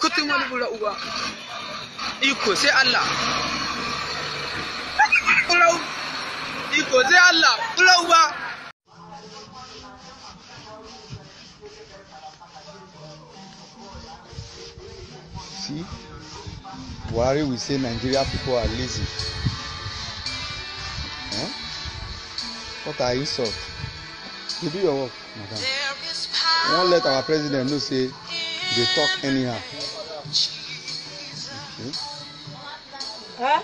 kutun wani bura uwa, iko Allah see Buhari we say Nigeria people are lazy huh? What are insult? You do your work, madam. We let our president know say dey talk anyhow. Okay. Hmm? Huh?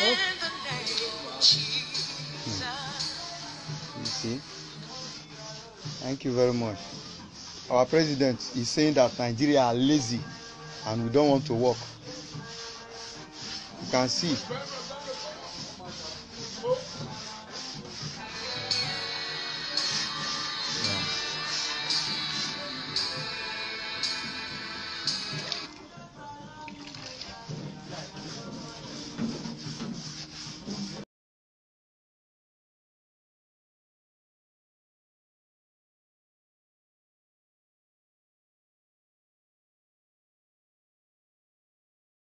Hmm. You see? Thank you very much. Our president is saying that Nigeria are lazy and we don't want to work. You can see